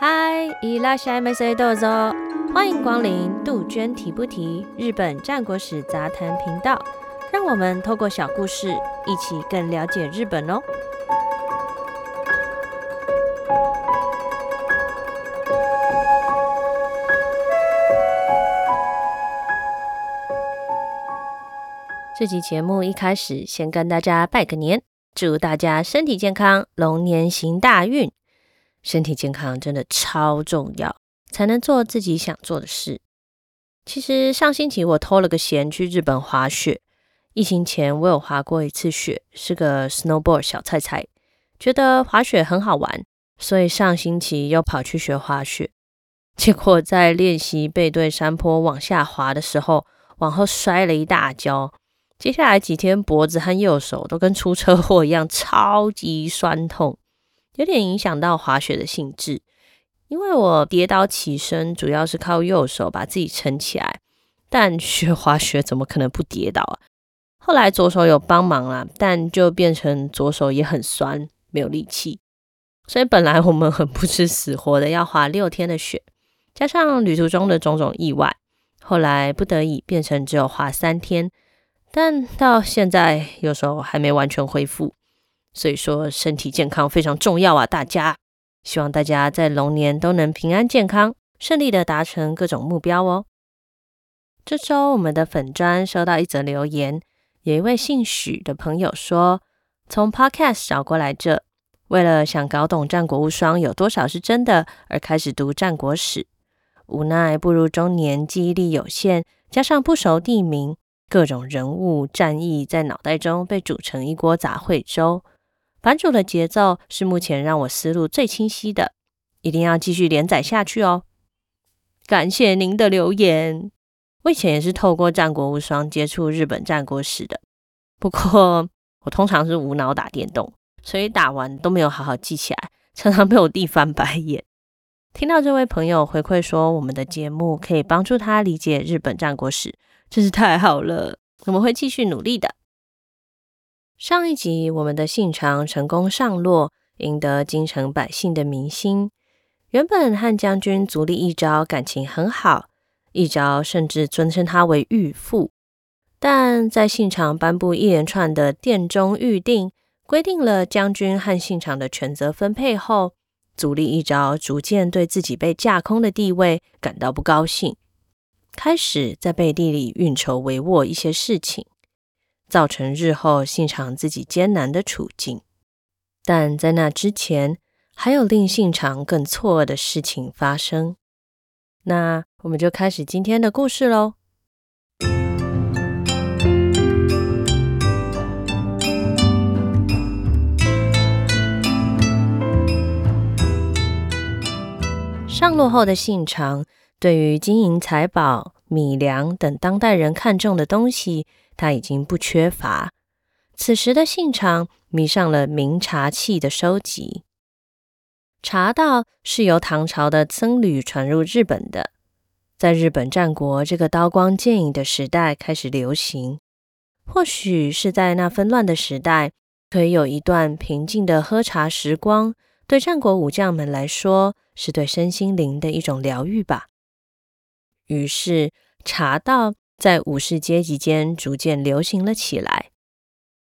嗨，いらっしゃいませ。どうぞ，歡迎光臨杜鵑提不提日本戰國史雜談頻道。讓我們透過小故事，一起更了解日本哦。這期節目一開始，先跟大家拜個年，祝大家身體健康，龍年行大運。身體健康真的超重要，才能做自己想做的事。其實上星期我偷了個閒去日本滑雪，疫情前我有滑過一次雪，是個 snowboard 小菜菜，覺得滑雪很好玩，所以上星期又跑去學滑雪。結果在練習背對山坡往下滑的時候，往後摔了一大跤。接下來幾天，脖子和右手都跟出車禍一樣，超級酸痛，有點影響到滑雪的興致。因為我跌倒起身主要是靠右手把自己撐起來，但學滑雪怎麼可能不跌倒啊？後來左手有幫忙啦、啊，但就變成左手也很酸，沒有力氣。所以本來我們很不知死活的要滑六天的雪，加上旅途中的種種意外，後來不得已變成只有滑三天。但到現在，有時候還沒完全恢復，所以說身體健康非常重要啊！大家，希望大家在龍年都能平安健康，順利的達成各種目標哦。這周我們的粉專收到一則留言，有一位姓許的朋友說，從 Podcast 找過來這，為了想搞懂《戰國無雙》有多少是真的，而開始讀《戰國史》，無奈步入中年，記憶力有限，加上不熟地名。各種人物戰役在腦袋中被煮成一鍋雜燴粥。版主的節奏是目前讓我思路最清晰的，一定要繼續連載下去哦！感謝您的留言。我以前也是透過《戰國無雙》接觸日本戰國史的，不過我通常是無腦打電動，所以打完都沒有好好記起來，常常被我弟翻白眼。聽到這位朋友回饋說，我們的節目可以幫助他理解日本戰國史。真是太好了！我們會繼續努力的。上一集，我們的信長成功上洛，贏得京城百姓的民心。原本和將軍足利義昭感情很好，義昭甚至尊稱他為“御父”。但在信長頒布一連串的殿中御掟，規定了將軍和信長的權責分配後，足利義昭逐漸對自己被架空的地位感到不高興。開始在背地裡運籌帷幄一些事情，造成日後信長自己艱難的處境。但在那之前，還有令信長更錯愕的事情發生。那我們就開始今天的故事嘍。上洛後的信長。對於金銀財寶、米糧等當代人看重的東西，他已經不缺乏。此時的信長迷上了名茶器的收集。茶道是由唐朝的僧侶傳入日本的，在日本戰國這個刀光劍影的時代開始流行。或許是在那紛亂的時代，可以有一段平靜的喝茶時光，對戰國武將們來說，是對身心靈的一種療癒吧。於是，茶道在武士階級間逐漸流行了起來，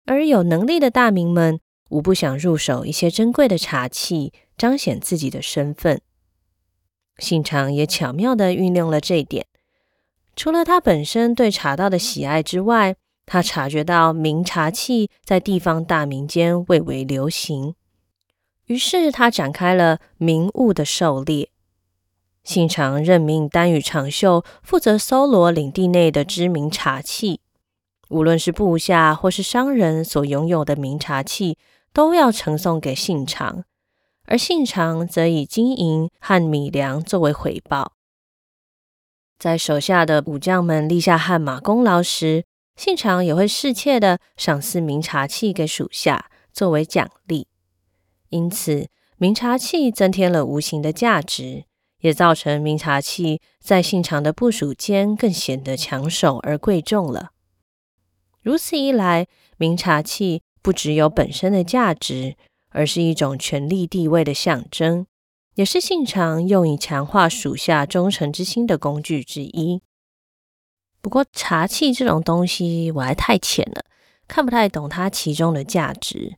而有能力的大名們無不想入手一些珍貴的茶器，彰顯自己的身份。信長也巧妙地運用了這一點，除了他本身對茶道的喜愛之外，他察覺到名茶器在地方大名間蔚為流行，於是他展開了名物的狩獵。信長任命丹羽長秀負責搜羅領地內的知名茶器，無論是部下或是商人所擁有的名茶器，都要呈送給信長，而信長則以金銀和米糧作為回報。在手下的武將們立下汗馬功勞時，信長也會適切的賞賜名茶器給屬下作為獎勵，因此名茶器增添了無形的價值。也造成名茶器在信長的部屬間更顯得搶手而貴重了。如此一來，名茶器不只有本身的價值，而是一種權力地位的象徵，也是信長用以強化屬下忠誠之心的工具之一。不過，茶器這種東西我還太淺了，看不太懂它其中的價值。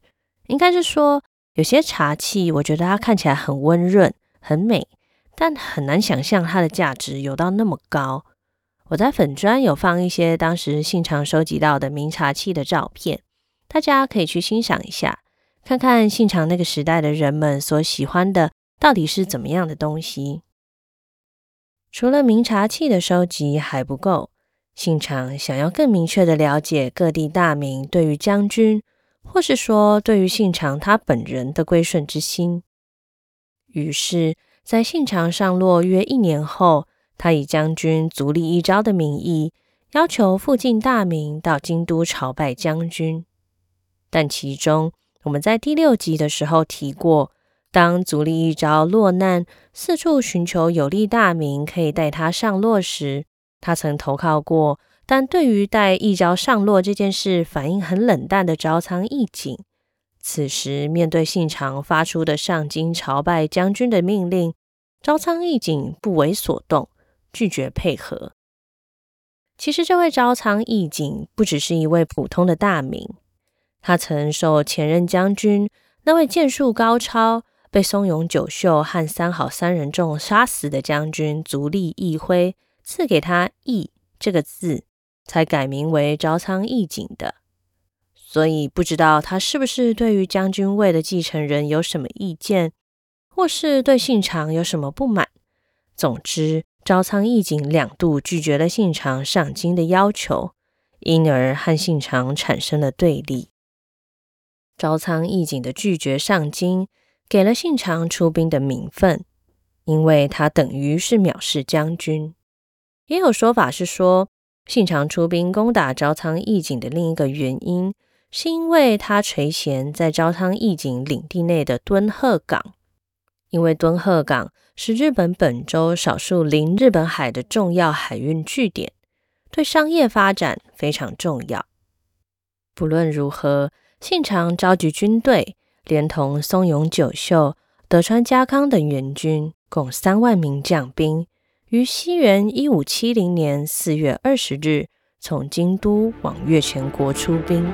應該是說，有些茶器，我覺得它看起來很溫潤、很美。但很難想象它的價值有到那麼高。我在粉專，有放一些當時信長收集到的名茶器的照片，大家可以去欣賞一下，看看信長那個時代的人們所喜歡的到底是怎麼樣的東西。除了名茶器的收集還不夠，信長想要更明確的了解各地大名對於將軍，或是說對於信長他本人的歸順之心，於是。在信長上洛約一年後，他以將軍足利義昭的名義，要求附近大名到京都朝拜將軍。但其中，我們在第六集的時候提過，當足利義昭落難，四處尋求有力大名可以帶他上洛時，他曾投靠過，但對於帶義昭上洛這件事，反應很冷淡的朝倉義景。此時，面對信長發出的上京朝拜將軍的命令，朝倉義景不為所動，拒絕配合。其實，這位朝倉義景不只是一位普通的大名，他曾受前任將軍那位劍術高超、被松永久秀和三好三人眾殺死的將軍足利義輝賜給他“義”這個字，才改名為朝倉義景的。所以不知道他是不是對於將軍位的繼承人有什麼意見，或是對信長有什麼不滿。總之，朝倉義景兩度拒絕了信長上京的要求，因而和信長產生了對立。朝倉義景的拒絕上京，給了信長出兵的名分，因為他等於是藐視將軍。也有說法是說，信長出兵攻打朝倉義景的另一個原因。是因為他垂涎在朝倉義景領地內的敦賀港，因為敦賀港是日本本州少數臨日本海的重要海運據點，對商業發展非常重要。不論如何，信長召集軍隊，連同松永久秀、德川家康等援軍，共三萬名將兵，於西元一五七零年四月二十日從京都往越前國出兵。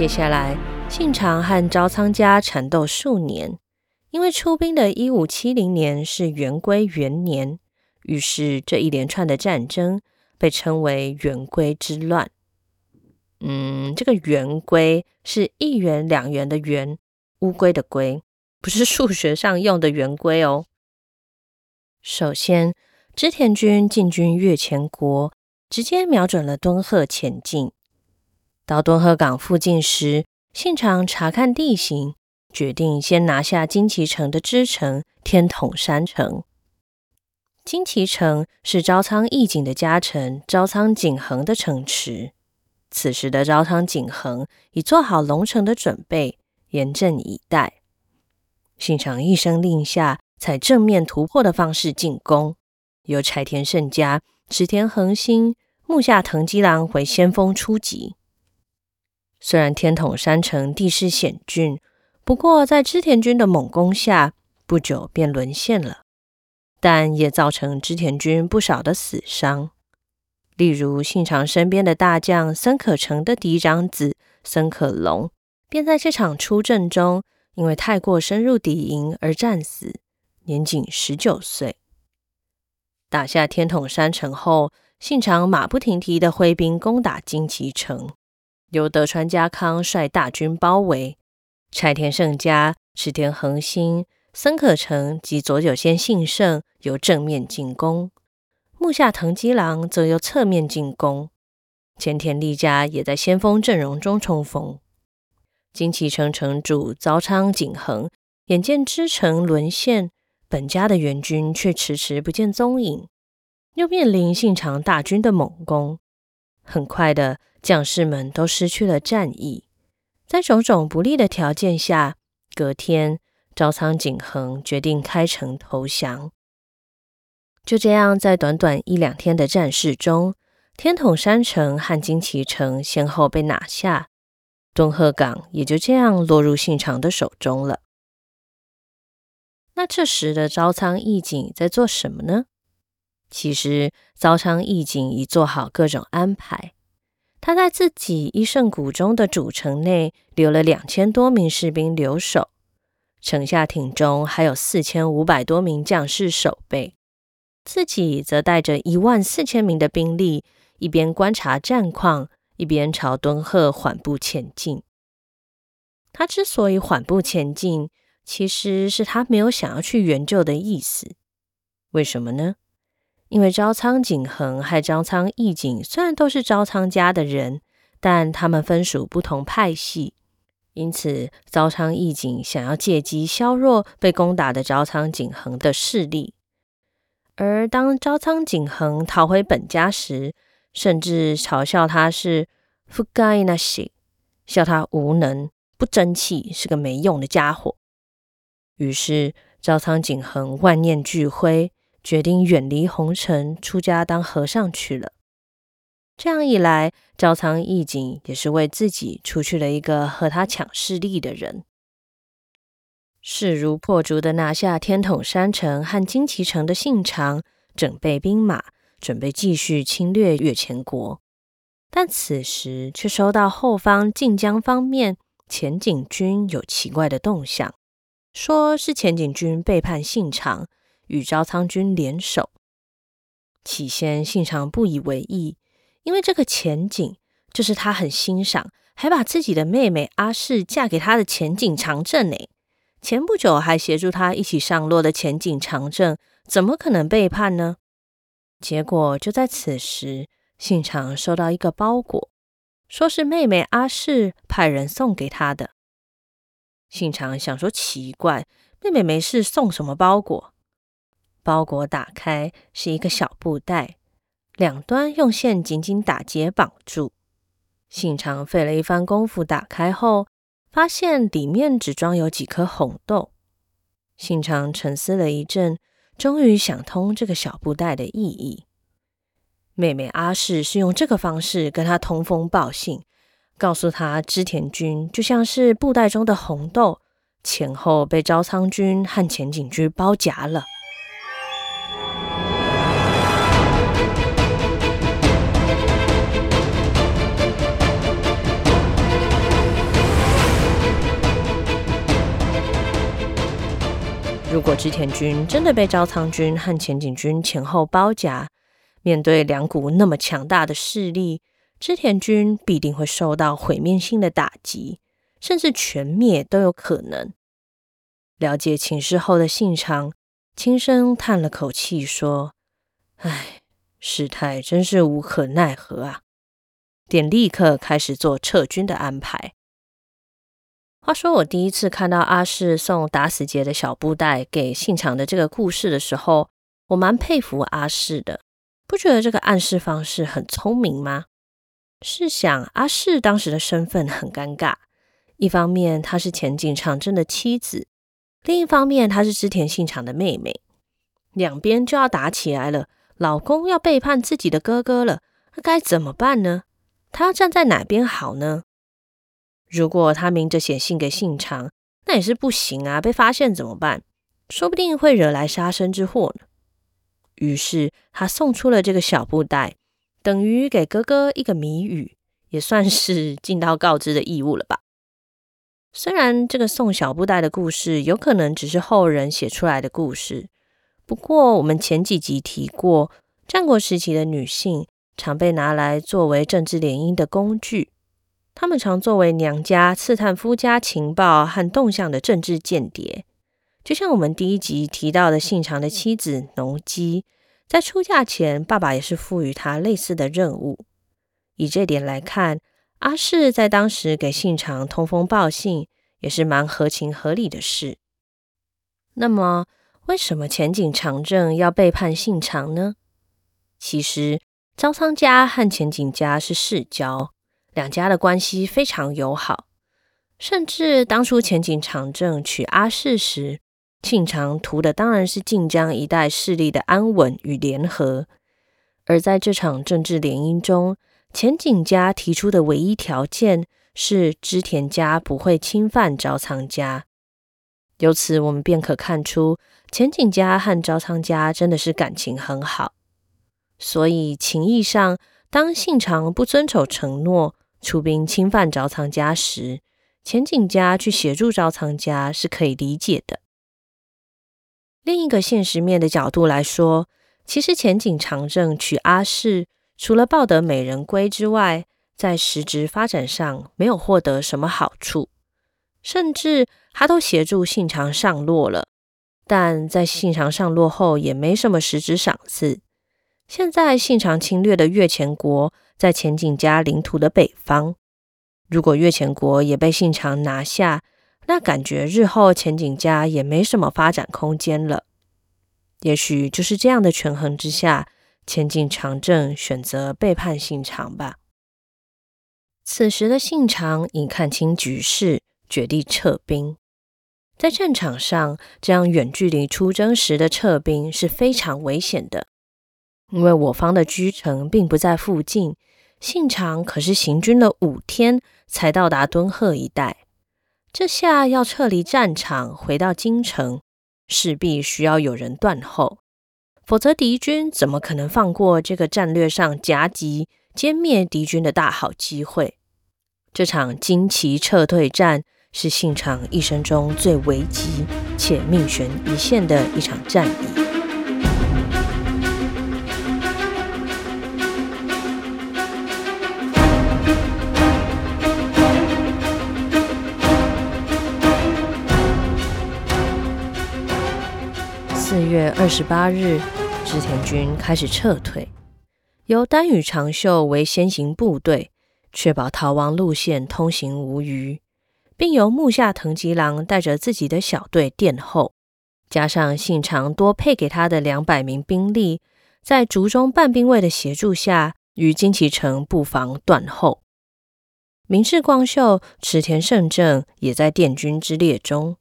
接下來，信長和朝倉家纏鬥數年，因為出兵的一五七零年是元龜元年，於是這一連串的戰爭被稱為元龜之亂。嗯，這個元龜是一元兩元的元，烏龜的龜，不是數學上用的圓規哦。首先，織田軍進軍越前國，直接瞄準了敦賀前進。到敦賀港附近時，信長查看地形，決定先拿下金崎城的支城天統山城。金崎城是朝倉義景的家臣朝倉景恆的城池。此時的朝倉景恆已做好籠城的準備，嚴陣以待。信長一聲令下，採正面突破的方式進攻，由柴田勝家、池田恆興、木下藤吉郎為先鋒出擊。雖然天統山城地勢險峻，不過在織田軍的猛攻下，不久便淪陷了，但也造成織田軍不少的死傷。例如信長身邊的大將森可成的嫡長子森可隆，便在這場出征中因為太過深入敵營而戰死，年僅十九歲。打下天統山城後，信長馬不停蹄地揮兵攻打金崎城。由德川家康率大軍包圍，柴田勝家、池田恆興、森可成及佐久間信盛由正面進攻，木下藤吉郎則由側面進攻，前田利家也在先鋒陣容中衝鋒。金崎城城主朝倉景恆眼見支城淪陷，本家的援軍卻遲遲不見蹤影，又面臨信長大軍的猛攻，很快的。將士們都失去了戰意，在種種不利的條件下，隔天，朝倉景恆決定開城投降。就這樣，在短短一兩天的戰事中，天統山城和金崎城先後被拿下，敦賀港也就這樣落入信長的手中了。那這時的朝倉義景在做什麼呢？其實，朝倉義景已做好各種安排。他在自己一乘谷中的主城內留了兩千多名士兵留守，城下町中還有四千五百多名將士守備，自己則帶着一萬四千名的兵力，一邊觀察戰況，一邊朝敦賀緩步前進。他之所以緩步前進，其實是他沒有想要去援救的意思。為什麼呢？因為朝倉景恆和朝倉義景雖然都是朝倉家的人，但他們分屬不同派系，因此朝倉義景想要借機削弱被攻打的朝倉景恆的勢力。而當朝倉景恆逃回本家時，甚至嘲笑他是ふがいなし，笑他無能、不爭氣，是個沒用的家伙。於是朝倉景恆萬念俱灰。決定遠離紅塵，出家當和尚去了。這樣一來，朝倉義景也是為自己除去了一個和他搶勢力的人。勢如破竹的拿下天統山城和金崎城的信長，整備兵馬，準備繼續侵略越前國。但此時卻收到後方近江方面淺井軍有奇怪的動向，說是淺井軍背叛信長。與朝倉軍聯手，起先信長不以為意，因為這個淺井就是他很欣賞，還把自己的妹妹阿市嫁給他的淺井長政呢。前不久還協助他一起上洛的淺井長政，怎麼可能背叛呢？結果就在此時，信長收到一個包裹，說是妹妹阿市派人送給他的。信長想說奇怪，妹妹沒事送什麼包裹？包裹打開是一個小布袋，兩端用線緊緊打結綁住。信長費了一番功夫打開後，發現裡面只裝有幾顆紅豆。信長沉思了一陣，終於想通這個小布袋的意義。妹妹阿市是用這個方式跟他通風報信，告訴他織田軍就像是布袋中的紅豆，前後被朝倉軍和淺井軍包夾了。如果織田軍真的被朝倉軍和淺井軍前後包夾，面對兩股那麼強大的勢力，織田軍必定會受到毀滅性的打擊，甚至全滅都有可能。了解情勢後的信長輕聲嘆了口氣說：“唉，事態真是無可奈何啊！”便立刻開始做撤軍的安排。話說，我第一次看到阿市送打死結的小布袋給信長的這個故事的時候，我蠻佩服阿市的，不覺得這個暗示方式很聰明嗎？試想，阿市當時的身份很尷尬，一方面她是淺井長政的妻子，另一方面她是織田信長的妹妹，兩邊就要打起來了，老公要背叛自己的哥哥了，那該怎麼辦呢？他要站在哪邊好呢？如果他明着寫信給信長，那也是不行啊！被發現怎麼辦？說不定會惹來殺身之禍呢。於是他送出了這個小布袋，等於給哥哥一個謎語，也算是盡到告知的義務了吧。雖然這個送小布袋的故事有可能只是後人寫出來的故事，不過我們前幾集提過，戰國時期的女性常被拿來作為政治聯姻的工具。他們常作為娘家，刺探夫家情報和動向的政治間諜，就像我們第一集提到的信長的妻子濃姬，在出嫁前，爸爸也是賦予他類似的任務。以這點來看，阿市在當時給信長通風報信，也是蠻合情合理的事。那麼，為什麼淺井長政要背叛信長呢？其實，朝倉家和淺井家是世交。兩家的關係非常友好，甚至當初淺井長政娶阿市時，信長圖的當然是近江一帶勢力的安穩與聯合。而在這場政治聯姻中，淺井家提出的唯一條件是織田家不會侵犯朝倉家。由此，我們便可看出淺井家和朝倉家真的是感情很好。所以情義上，當信長不遵守承諾，出兵侵犯朝倉家時，淺井家去協助朝倉家是可以理解的。另一個現實面的角度來說，其實淺井長政娶阿市，除了抱得美人歸之外，在實質發展上沒有獲得什麼好處，甚至他都協助信長上洛了，但在信長上洛後，也沒什麼實質賞賜。現在信長侵略的越前國。在淺井家領土的北方，如果越前國也被信長拿下，那感覺日後淺井家也沒什麼發展空間了。也許就是這樣的權衡之下，淺井長政選擇背叛信長吧。此時的信長已看清局勢，決定撤兵。在戰場上，這樣遠距離出征時的撤兵是非常危險的，因為我方的居城並不在附近。信長可是行軍了五天才到達敦賀一帶，這下要撤離戰場回到京城，勢必需要有人斷後，否則敵軍怎麼可能放過這個戰略上夾擊殲滅敵軍的大好機會？這場金崎撤退戰是信長一生中最危急且命懸一線的一場戰役。8月二十八日，織田軍開始撤退，由丹羽長秀為先行部隊，確保逃亡路線通行無虞，並由木下藤吉郎帶着自己的小隊殿後，加上信長多配給他的兩百名兵力，在竹中半兵衛的協助下，與金崎城布防斷後。明智光秀、池田勝正也在殿軍之列中。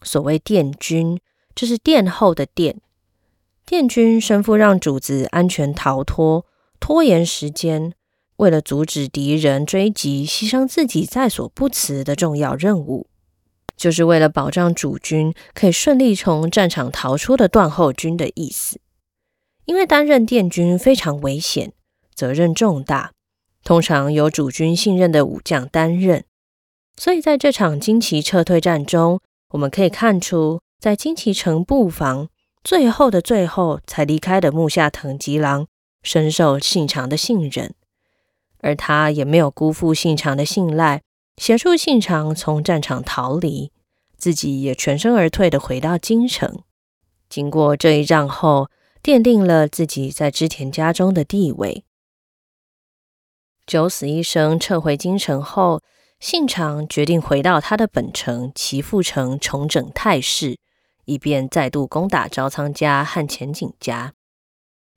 所謂殿軍。這是殿後的殿，殿軍身負讓主子安全逃脫、拖延時間，為了阻止敵人追擊，犧牲自己在所不辭的重要任務，就是為了保障主君可以順利從戰場逃出的斷後軍的意思。因為擔任殿軍非常危險，責任重大，通常由主君信任的武將擔任，所以在這場金崎撤退戰中，我們可以看出。在金崎城布防，最後的最後才離開的木下藤吉郎，深受信長的信任，而他也沒有辜負信長的信賴，協助信長從戰場逃離，自己也全身而退的回到京城。經過這一仗後，奠定了自己在織田家中的地位。九死一生撤回京城後，信長決定回到他的本城岐阜城，重整態勢。以便再度攻打朝倉家和淺井家。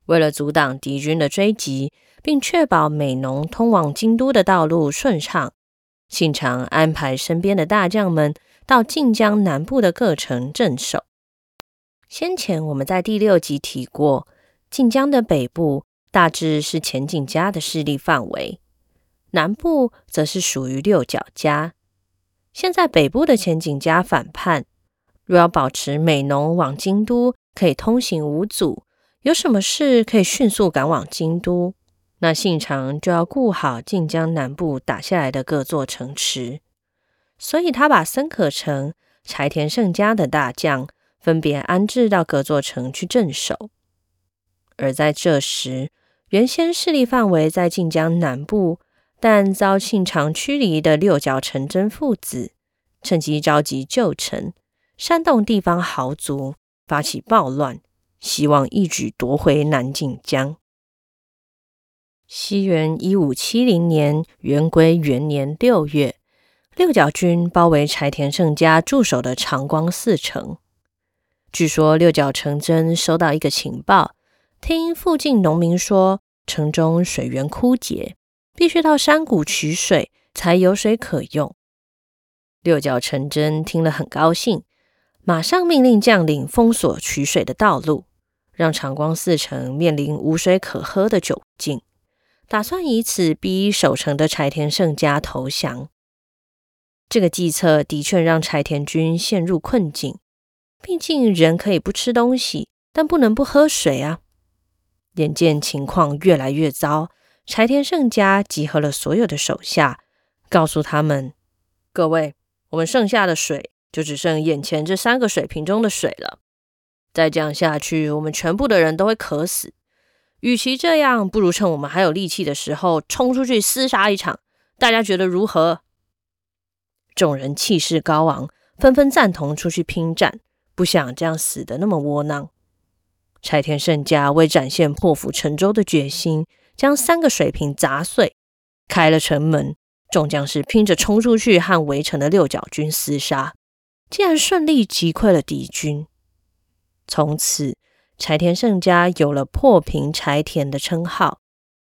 為了阻擋敵軍的追擊，並確保美濃通往京都的道路順暢，信長安排身邊的大將們到近江南部的各城鎮守。先前我們在第六集提過，近江的北部大致是淺井家的勢力範圍，南部則是屬於六角家。現在北部的淺井家反叛。若要保持美濃往京都可以通行無阻，有什麼事可以迅速趕往京都，那信長就要顧好近江南部打下來的各座城池。所以，他把森可成、柴田勝家的大將分別安置到各座城去鎮守。而在這時，原先勢力範圍在近江南部但遭信長驅離的六角承禎父子，趁機召集舊臣。煽動地方豪族發起暴亂，希望一舉奪回南近江。西元一五七零年元龜元年六月，六角軍包圍柴田勝家駐守的長光寺城。據說六角承禎收到一個情報，聽附近農民說城中水源枯竭，必須到山谷取水才有水可用。六角承禎聽了很高興。馬上命令將領封鎖取水的道路，讓長光寺城面臨無水可喝的窘境，打算以此逼守城的柴田勝家投降。這個計策的確讓柴田軍陷入困境，畢竟人可以不吃東西，但不能不喝水啊！眼見情況越來越糟，柴田勝家集合了所有的手下，告訴他們：“各位，我們剩下的水……”就只剩眼前這三個水瓶中的水了。再這樣下去，我們全部的人都會渴死。與其這樣，不如趁我們還有力氣的時候衝出去厮殺一場。大家覺得如何？眾人氣勢高昂，紛紛贊同出去拼戰，不想這樣死得那麼窩囊。柴田勝家為展現破釜沉舟的決心，將三個水瓶砸碎，開了城門。眾將士拼着衝出去，和圍城的六角軍厮殺。竟然順利擊潰了敵軍，從此柴田勝家有了“破瓶柴田”的稱號，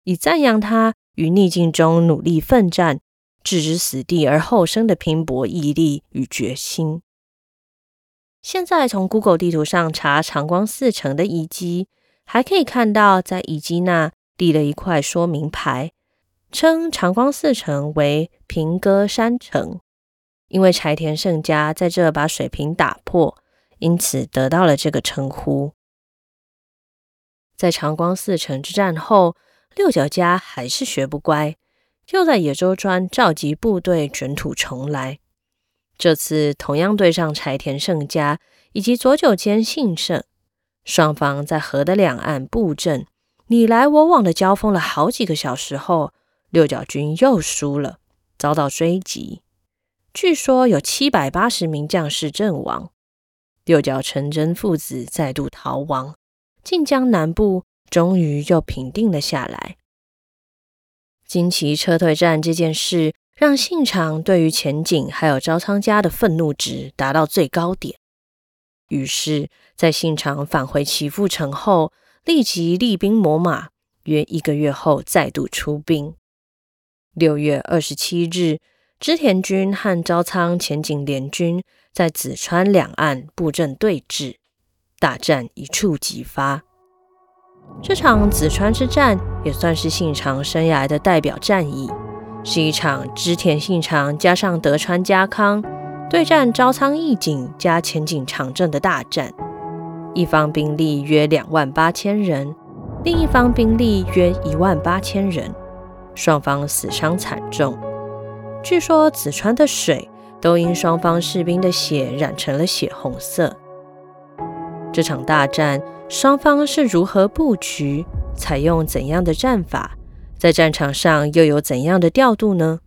以讚揚他於逆境中努力奮戰、置之死地而後生的拼搏毅力與決心。現在從 Google 地圖上查長光寺城的遺跡，還可以看到在遺跡那立了一塊說明牌，稱長光寺城為瓶割山城。因為柴田勝家在這把水瓶打破，因此得到了這個稱呼。在長光寺城之戰後，六角家還是學不乖，就在野洲川召集部隊卷土重來。這次同樣對上柴田勝家以及佐久間信盛，雙方在河的兩岸布陣，你來我往的交鋒了好幾個小時後，六角軍又輸了，遭到追擊。據說有七百八十名將士陣亡，六角承禎父子再度逃亡，近江南部終於就平定了下來。金崎撤退戰這件事讓信長對於淺井還有朝倉家的憤怒值達到最高點，於是，在信長返回岐阜城後，立即厲兵秣馬，約一個月後再度出兵。六月二十七日。織田軍和朝倉、淺井聯軍在姊川兩岸布陣對峙，大戰一觸即發。這場姊川之戰也算是信長生涯的代表戰役，是一場織田信長加上德川家康對戰朝倉義景加淺井長政的大戰。一方兵力約兩萬八千人，另一方兵力約一萬八千人，雙方死傷慘重。據說姊川的水都因雙方士兵的血染成了血紅色。這場大戰，雙方是如何布局、採用怎樣的戰法，在戰場上又有怎樣的調度呢？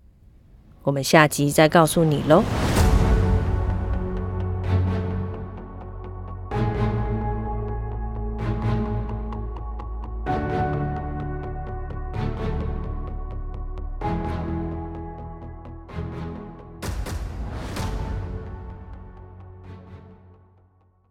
我們下集再告訴你嘍。